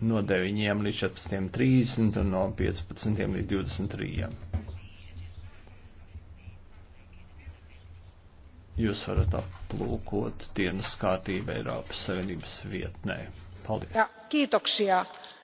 no 9 līdz 14.30 un no 15 līdz 23. Jūs varat aplūkot dienas kārtību Eiropas Savienības vietnē. Paldies! Ja, kiitoksia.